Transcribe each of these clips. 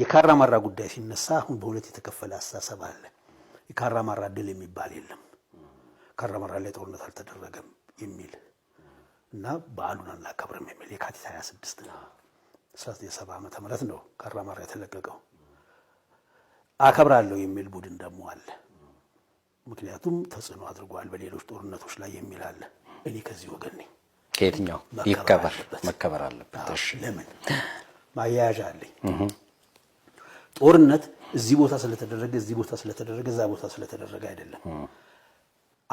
የካራ ማራ ጉዳይ ሲነሳ አሁን በሁለት የተከፈለ አስተሳሰብ አለ። የካራማራ ድል የሚባል የለም፣ ካራማራ ላይ ጦርነት አልተደረገም የሚል እና በዓሉን አናከብርም የሚል የካቲት 26 ነው 1970 ዓመተ ምህረት ነው ካራማራ የተለቀቀው። አከብራለሁ የሚል ቡድን ደግሞ አለ። ምክንያቱም ተጽዕኖ አድርጓል በሌሎች ጦርነቶች ላይ የሚል አለ። እኔ ከዚህ ወገን ነኝ። ከየትኛው ይከበር መከበር አለበት። ለምን ማያያዣ አለኝ ጦርነት እዚህ ቦታ ስለተደረገ እዚህ ቦታ ስለተደረገ እዛ ቦታ ስለተደረገ አይደለም።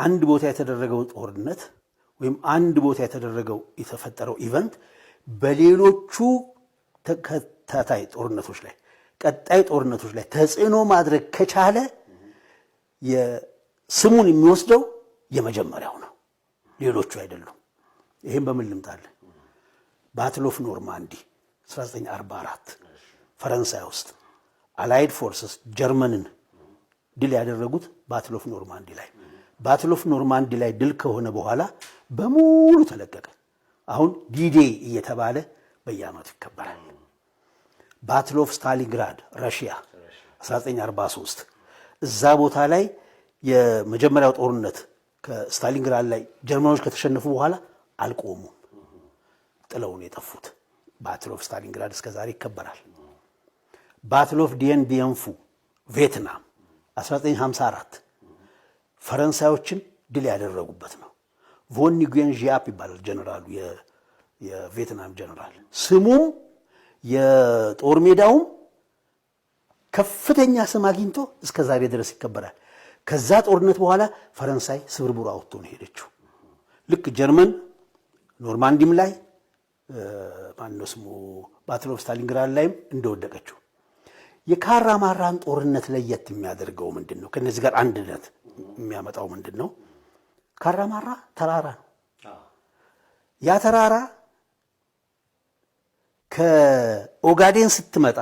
አንድ ቦታ የተደረገው ጦርነት ወይም አንድ ቦታ የተደረገው የተፈጠረው ኢቨንት በሌሎቹ ተከታታይ ጦርነቶች ላይ ቀጣይ ጦርነቶች ላይ ተጽዕኖ ማድረግ ከቻለ ስሙን የሚወስደው የመጀመሪያው ነው፣ ሌሎቹ አይደሉም። ይህም በምን ልምጣለ? ባትል ኦፍ ኖርማንዲ 1944 ፈረንሳይ ውስጥ አላይድ ፎርስስ ጀርመንን ድል ያደረጉት ባትል ኦፍ ኖርማንዲ ላይ ባትል ኦፍ ኖርማንዲ ላይ ድል ከሆነ በኋላ በሙሉ ተለቀቀ። አሁን ዲዴ እየተባለ በየዓመቱ ይከበራል። ባትል ኦፍ ስታሊንግራድ ረሽያ 1943 እዛ ቦታ ላይ የመጀመሪያው ጦርነት ከስታሊንግራድ ላይ ጀርመኖች ከተሸነፉ በኋላ አልቆሙም። ጥለውን የጠፉት ባትል ኦፍ ስታሊንግራድ እስከ ዛሬ ይከበራል። ባትል ኦፍ ዲየን ቢየንፉ ቪየትናም 1954 ፈረንሳዮችን ድል ያደረጉበት ነው። ቮን ኒጉየን ዢያፕ ይባላል ጀነራሉ፣ የቪየትናም ጀነራል። ስሙም የጦር ሜዳውም ከፍተኛ ስም አግኝቶ እስከ ዛሬ ድረስ ይከበራል። ከዛ ጦርነት በኋላ ፈረንሳይ ስብርብሩ አውጥቶ ነው ሄደችው። ልክ ጀርመን ኖርማንዲም ላይ ማነው ስሙ ባትል ኦፍ ስታሊንግራድ ላይም እንደወደቀችው የካራማራን ጦርነት ለየት የሚያደርገው ምንድን ነው? ከነዚህ ጋር አንድነት የሚያመጣው ምንድን ነው? ካራማራ ተራራ ነው። ያ ተራራ ከኦጋዴን ስትመጣ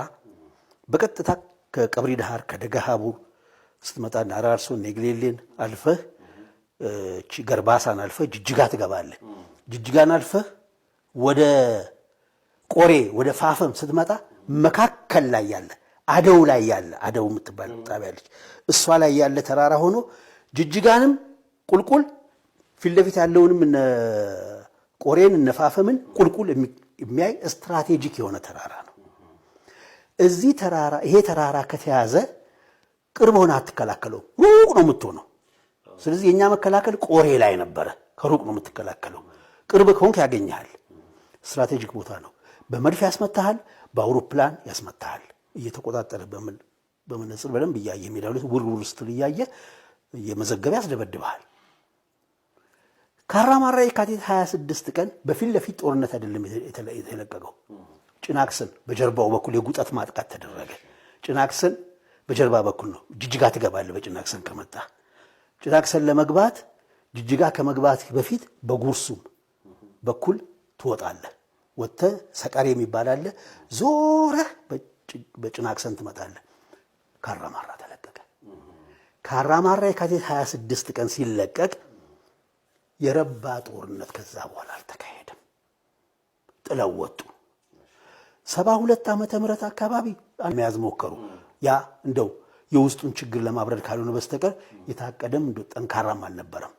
በቀጥታ ከቀብሪ ዳሃር ከደጋሃቡር ስትመጣ አራርሶ ኔግሌሌን አልፈህ ገርባሳን አልፈህ ጅጅጋ ትገባለህ። ጅጅጋን አልፈህ ወደ ቆሬ ወደ ፋፈም ስትመጣ መካከል ላይ ያለ አደው ላይ ያለ አደው የምትባል ጣቢያ አለች። እሷ ላይ ያለ ተራራ ሆኖ ጅጅጋንም ቁልቁል ፊት ለፊት ያለውንም እነ ቆሬን እነፋፈምን ቁልቁል የሚያይ ስትራቴጂክ የሆነ ተራራ ነው። እዚህ ተራራ ይሄ ተራራ ከተያዘ ቅርብ ሆነ አትከላከለው፣ ሩቅ ነው የምትሆነው። ስለዚህ የእኛ መከላከል ቆሬ ላይ ነበረ። ከሩቅ ነው የምትከላከለው፣ ቅርብ ከሆንክ ያገኘሃል። ስትራቴጂክ ቦታ ነው። በመድፍ ያስመታሃል፣ በአውሮፕላን ያስመታሃል። እየተቆጣጠረ በመነጽር በደንብ እያየ የሚላሉ ውርውር ስትል እያየ እየመዘገበ ያስደበድበሃል። ካራማራ የካቲት 26 ቀን በፊት ለፊት ጦርነት አይደለም የተለቀቀው። ጭናክስን በጀርባው በኩል የጉጠት ማጥቃት ተደረገ። ጭናክስን በጀርባ በኩል ነው። ጅጅጋ ትገባለህ በጭናክስን ከመጣ ጭናክስን ለመግባት ጅጅጋ ከመግባት በፊት በጉርሱም በኩል ትወጣለህ። ወጥተህ ሰቀሬ የሚባል አለ ዞረህ በጭን አክሰንት ትመጣለህ። ካራማራ ተለቀቀ። ካራማራ የካቲት 26 ቀን ሲለቀቅ የረባ ጦርነት ከዛ በኋላ አልተካሄደም። ጥለው ወጡ። ሰባ ሁለት ዓመተ ምህረት አካባቢ መያዝ ሞከሩ። ያ እንደው የውስጡን ችግር ለማብረድ ካልሆነ በስተቀር የታቀደም እንደ ጠንካራም አልነበረም።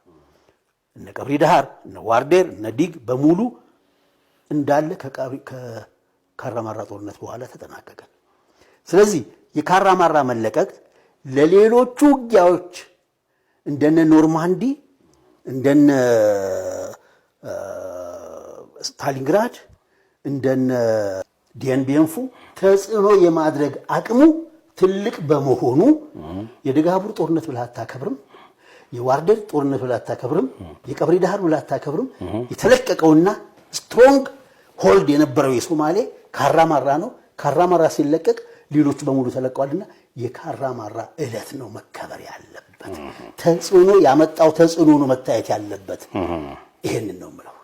እነ ቀብሪ ዳሃር፣ እነ ዋርዴር፣ እነ ዲግ በሙሉ እንዳለ ከካራማራ ጦርነት በኋላ ተጠናቀቀ። ስለዚህ የካራ ማራ መለቀቅ ለሌሎቹ ውጊያዎች እንደነ ኖርማንዲ እንደነ ስታሊንግራድ እንደነ ዲንቢንፉ ተጽዕኖ የማድረግ አቅሙ ትልቅ በመሆኑ የደጋቡር ጦርነት ብለህ አታከብርም፣ የዋርደር ጦርነት ብለህ አታከብርም፣ የቀብሪ ዳህር ብለህ አታከብርም። የተለቀቀውና ስትሮንግ ሆልድ የነበረው የሶማሌ ካራማራ ነው። ካራማራ ሲለቀቅ ሌሎቹ በሙሉ ተለቀዋልና የካራ ማራ እለት ነው መከበር ያለበት። ተጽዕኖ ያመጣው ተጽዕኖ ነው መታየት ያለበት። ይህንን ነው የምለው።